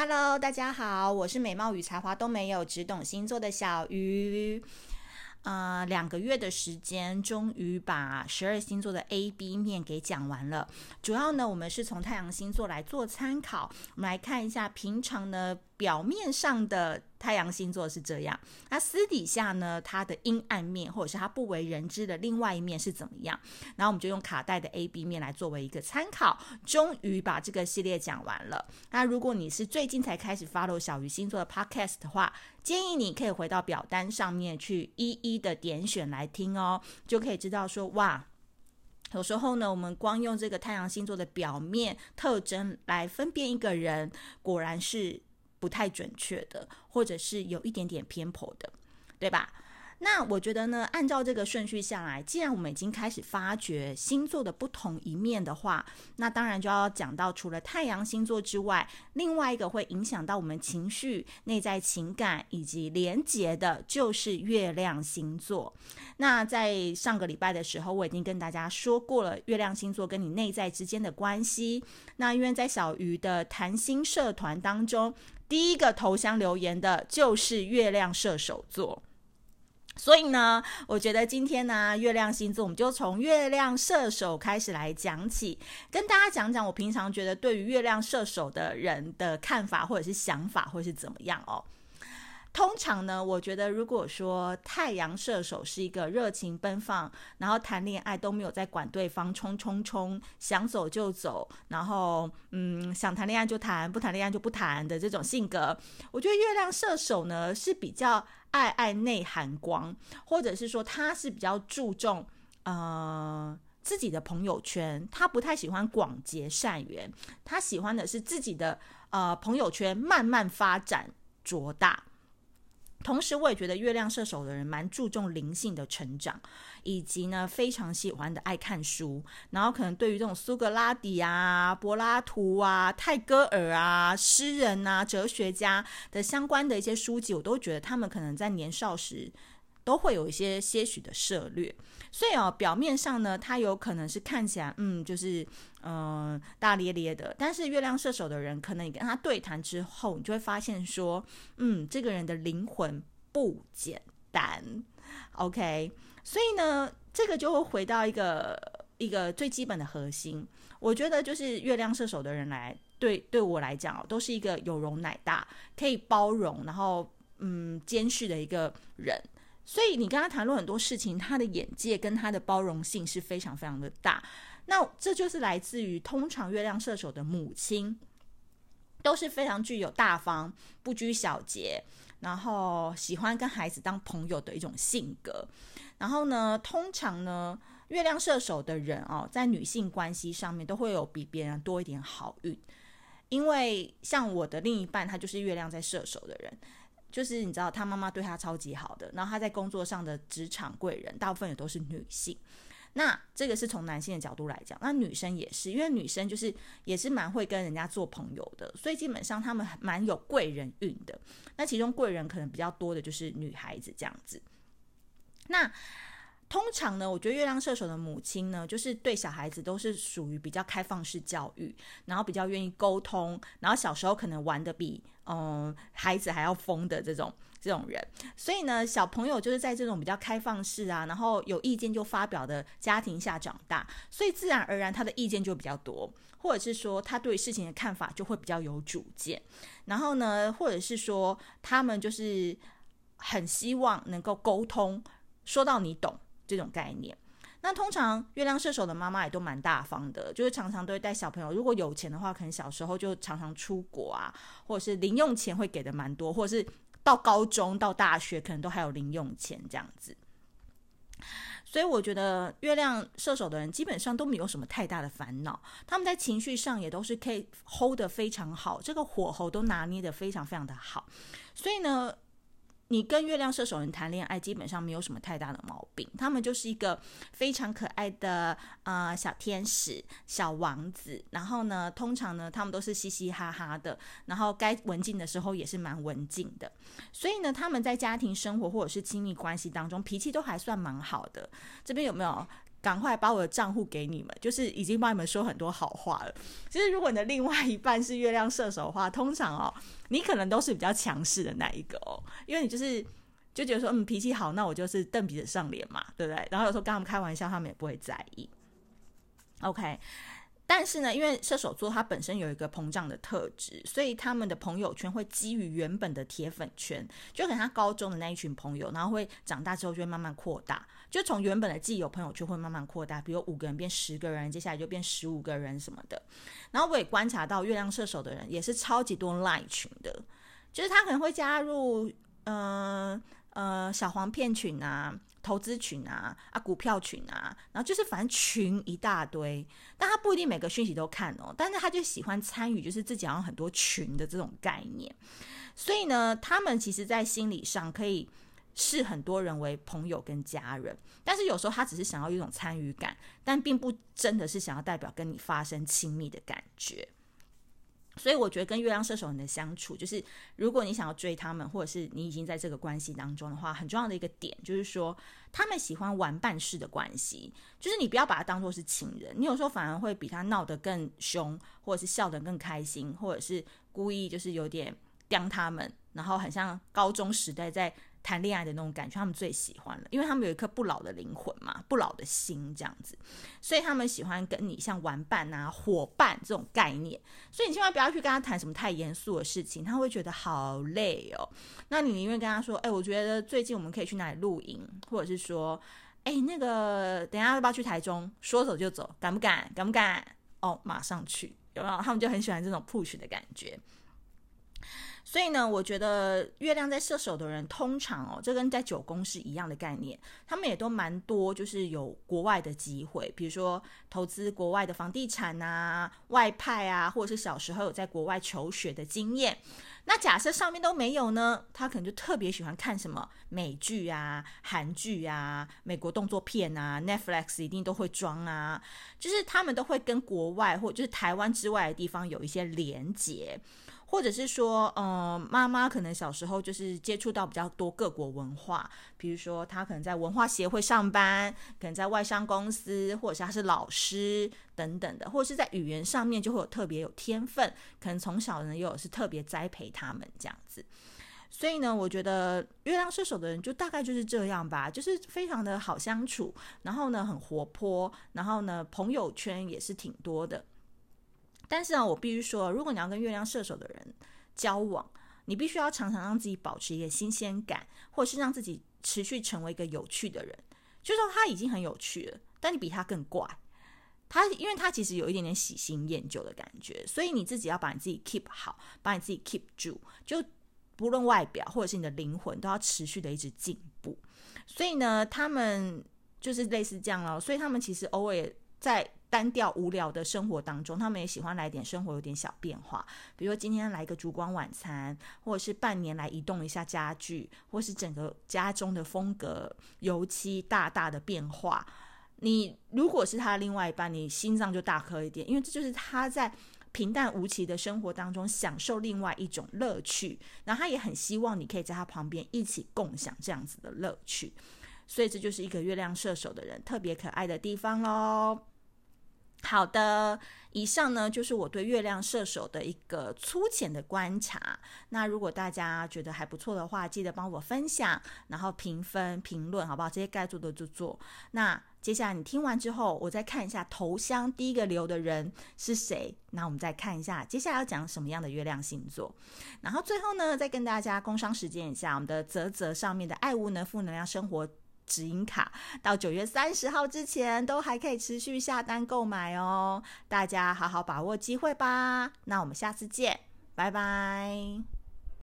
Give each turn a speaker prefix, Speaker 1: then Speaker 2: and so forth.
Speaker 1: Hello，大家好，我是美貌與才華都沒有，只懂星座的小魚。啊、呃，兩個月的時間，終於把十二星座的 A B 面給講完了。主要呢，我們是從太陽星座來做參考。我們來看一下，平常呢。表面上的太陽星座是這樣，那私底下呢，它的陰暗面或者是它不為人知的另外一面是怎麼樣？然後我們就用卡帶的 A、B 面來作為一個參考，終於把這個系列講完了。那如果你是最近才開始 follow 小魚星座的 podcast 的話，建議你可以回到表單上面去一一的點選來聽哦，就可以知道說哇，有時候呢，我們光用這個太陽星座的表面特徵來分辨一個人，果然是。不太準確的，或者是有一點點偏頗的，對吧？那我覺得呢，按照這個順序下來，既然我們已經開始發掘星座的不同一面的話，那當然就要講到除了太陽星座之外，另外一個會影響到我們情緒、內在情感以及連結的，就是月亮星座。那在上個禮拜的時候，我已經跟大家說過了月亮星座跟你內在之間的關係。那因為在小魚的談心社團當中，第一個投箱留言的就是月亮射手座。所以呢，我覺得今天呢，月亮星座我們就從月亮射手開始來講起，跟大家講講我平常覺得對於月亮射手的人的看法，或者是想法，會是怎麼樣哦。通常呢，我覺得如果說太陽射手是一個熱情奔放，然後談戀愛都沒有在管對方，衝衝衝，想走就走，然後嗯，想談戀愛就談，不談戀愛就不談的這種性格，我覺得月亮射手呢是比較愛愛內含光，或者是說他是比較注重呃自己的朋友圈，他不太喜歡廣結善緣，他喜歡的是自己的呃朋友圈慢慢發展壯大。同時，我也覺得月亮射手的人蠻注重靈性的成長，以及呢非常喜歡的愛看書，然後可能對於這種蘇格拉底啊、柏拉圖啊、泰戈爾啊、詩人啊、哲學家的相關的一些書籍，我都覺得他們可能在年少時，都會有一些些許的涉獵，所以哦，表面上呢，他有可能是看起來，嗯，就是，嗯、呃，大咧咧的。但是月亮射手的人，可能你跟他對談之後，你就會發現說，嗯，這個人的靈魂不簡單。OK，所以呢，這個就會回到一個一個最基本的核心。我覺得就是月亮射手的人來，對對我來講哦，都是一個有容乃大，可以包容，然後嗯，堅持的一個人。所以你跟他談論很多事情，他的眼界跟他的包容性是非常非常的大。那這就是來自於通常月亮射手的母親都是非常具有大方、不拘小節，然後喜歡跟孩子當朋友的一種性格。然後呢，通常呢，月亮射手的人哦，在女性關係上面都會有比別人多一點好運，因為像我的另一半，他就是月亮在射手的人。就是你知道他媽媽對他超級好的，然後他在工作上的職場貴人，大部分也都是女性。那這個是從男性的角度來講，那女生也是，因為女生就是也是蠻會跟人家做朋友的，所以基本上他們蠻有貴人運的。那其中貴人可能比較多的就是女孩子這樣子。那通常呢，我覺得月亮射手的母親呢，就是對小孩子都是屬於比較開放式教育，然後比較願意溝通，然後小時候可能玩得比嗯、呃、孩子還要瘋的這種這種人，所以呢，小朋友就是在這種比較開放式啊，然後有意見就發表的家庭下長大，所以自然而然他的意見就比較多，或者是說他對於事情的看法就會比較有主見，然後呢，或者是說他們就是很希望能夠溝通，說到你懂。這種概念，那通常月亮射手的媽媽也都蠻大方的，就是常常都會帶小朋友。如果有錢的話，可能小時候就常常出國啊，或者是零用錢會給的蠻多，或者是到高中、到大學可能都還有零用錢這樣子。所以我覺得月亮射手的人基本上都沒有什麼太大的煩惱，他們在情緒上也都是可以 hold 得非常好，這個火候都拿捏得非常非常的好。所以呢，你跟月亮射手人談戀愛基本上沒有什麼太大的毛病，他們就是一個非常可愛的啊、呃、小天使、小王子。然後呢，通常呢，他們都是嘻嘻哈哈的，然後該文靜的時候也是蠻文靜的。所以呢，他們在家庭生活或者是親密關係當中，脾氣都還算蠻好的。這邊有沒有？趕快把我的賬戶給你們，就是已經幫你們說很多好話了。其實，如果你的另外一半是月亮射手的話，通常哦，你可能都是比較強勢的那一個哦，因為你就是就覺得說，嗯，脾氣好，那我就是蹬鼻子上臉嘛，對不對？然後有時候跟他們開玩笑，他們也不會在意。OK。但是呢，因為射手座他本身有一個膨脹的特質，所以他們的朋友圈會基於原本的鐵粉圈，就跟他高中的那一群朋友，然後會長大之後就會慢慢擴大，就從原本的既有朋友圈會慢慢擴大，比如五個人變十個人，接下來就變十五個人什麼的。然後我也觀察到，月亮射手的人也是超級多 line 群，的，就是他可能會加入，嗯、呃、嗯、呃、小黃片群啊。投資群啊啊，股票群啊，然後就是反正群一大堆，但他不一定每個訊息都看哦，但是他就喜歡參與，就是自己好像很多群的這種概念。所以呢，他們其實在心理上可以視很多人為朋友跟家人，但是有時候他只是想要一種參與感，但並不真的是想要代表跟你發生親密的感覺。所以我覺得跟月亮射手你的相處，就是如果你想要追他們，或者是你已經在這個關係當中的話，很重要的一個點就是說，他們喜歡玩伴式的關係，就是你不要把他當做是情人，你有時候反而會比他鬧得更兇，或者是笑得更開心，或者是故意就是有點刁他們，然後很像高中時代在。談戀愛的那種感覺，他們最喜歡了，因為他們有一顆不老的靈魂嘛，不老的心這樣子，所以他們喜歡跟你像玩伴啊、夥伴這種概念。所以你千萬不要去跟他談什麼太嚴肅的事情，他會覺得好累哦。那你寧願跟他說，哎、欸，我覺得最近我們可以去哪裡露營，或者是說，哎、欸，那個等一下要不要去台中？說走就走，敢不敢？敢不敢？哦，馬上去，有沒有？他們就很喜歡這種 push 的感覺。所以呢，我覺得月亮在射手的人，通常哦，這跟在九宮是一樣的概念。他們也都蠻多，就是有國外的機會，比如說投資國外的房地產啊、外派啊，或者是小時候有在國外求學的經驗。那假設上面都沒有呢，他可能就特別喜歡看什麼美劇啊、韓劇啊、美國動作片啊，Netflix 一定都會裝啊，就是他們都會跟國外或就是台灣之外的地方有一些連接。或者是說，嗯，媽媽可能小時候就是接觸到比較多各國文化，比如說他可能在文化協會上班，可能在外商公司，或者是他是老師等等的，或者是在語言上面就會有特別有天分，可能從小的呢又是特別栽培他們這樣子。所以呢，我覺得月亮射手的人就大概就是這樣吧，就是非常的好相處，然後呢很活潑，然後呢朋友圈也是挺多的。但是呢、啊，我必須說，如果你要跟月亮射手的人交往，你必須要常常讓自己保持一個新鮮感，或者是讓自己持續成為一個有趣的人。就說他已經很有趣了，但你比他更怪。他因為他其實有一點點喜新厭舊的感覺，所以你自己要把你自己 keep 好，把你自己 keep 住，就不論外表或者是你的靈魂，都要持續的一直進步。所以呢，他們就是類似這樣哦。所以他們其實偶爾在。單調無聊的生活當中，他們也喜歡來點生活有點小變化，比如說今天來一個燭光晚餐，或者是半年來移動一下家具，或是整個家中的風格油漆大大的變化。你如果是他另外一半，你心臟就大顆一點，因為這就是他在平淡無奇的生活當中享受另外一種樂趣。然後他也很希望你可以在他旁邊一起共享這樣子的樂趣，所以這就是一個月亮射手的人特別可愛的地方嘍。好的，以上呢就是我對月亮射手的一個粗淺的觀察。那如果大家覺得還不錯的話，記得幫我分享，然後評分、評論，好不好？這些該做的就做。那接下來你聽完之後，我再看一下頭像第一個留的人是誰？那我們再看一下接下來要講什麼樣的月亮星座。然後最後呢，再跟大家工商時間一下我們的澤澤上面的愛無能負能量生活。指引卡到九月三十號之前都還可以持續下單購買哦，大家好好把握機會吧。那我們下次見，拜拜。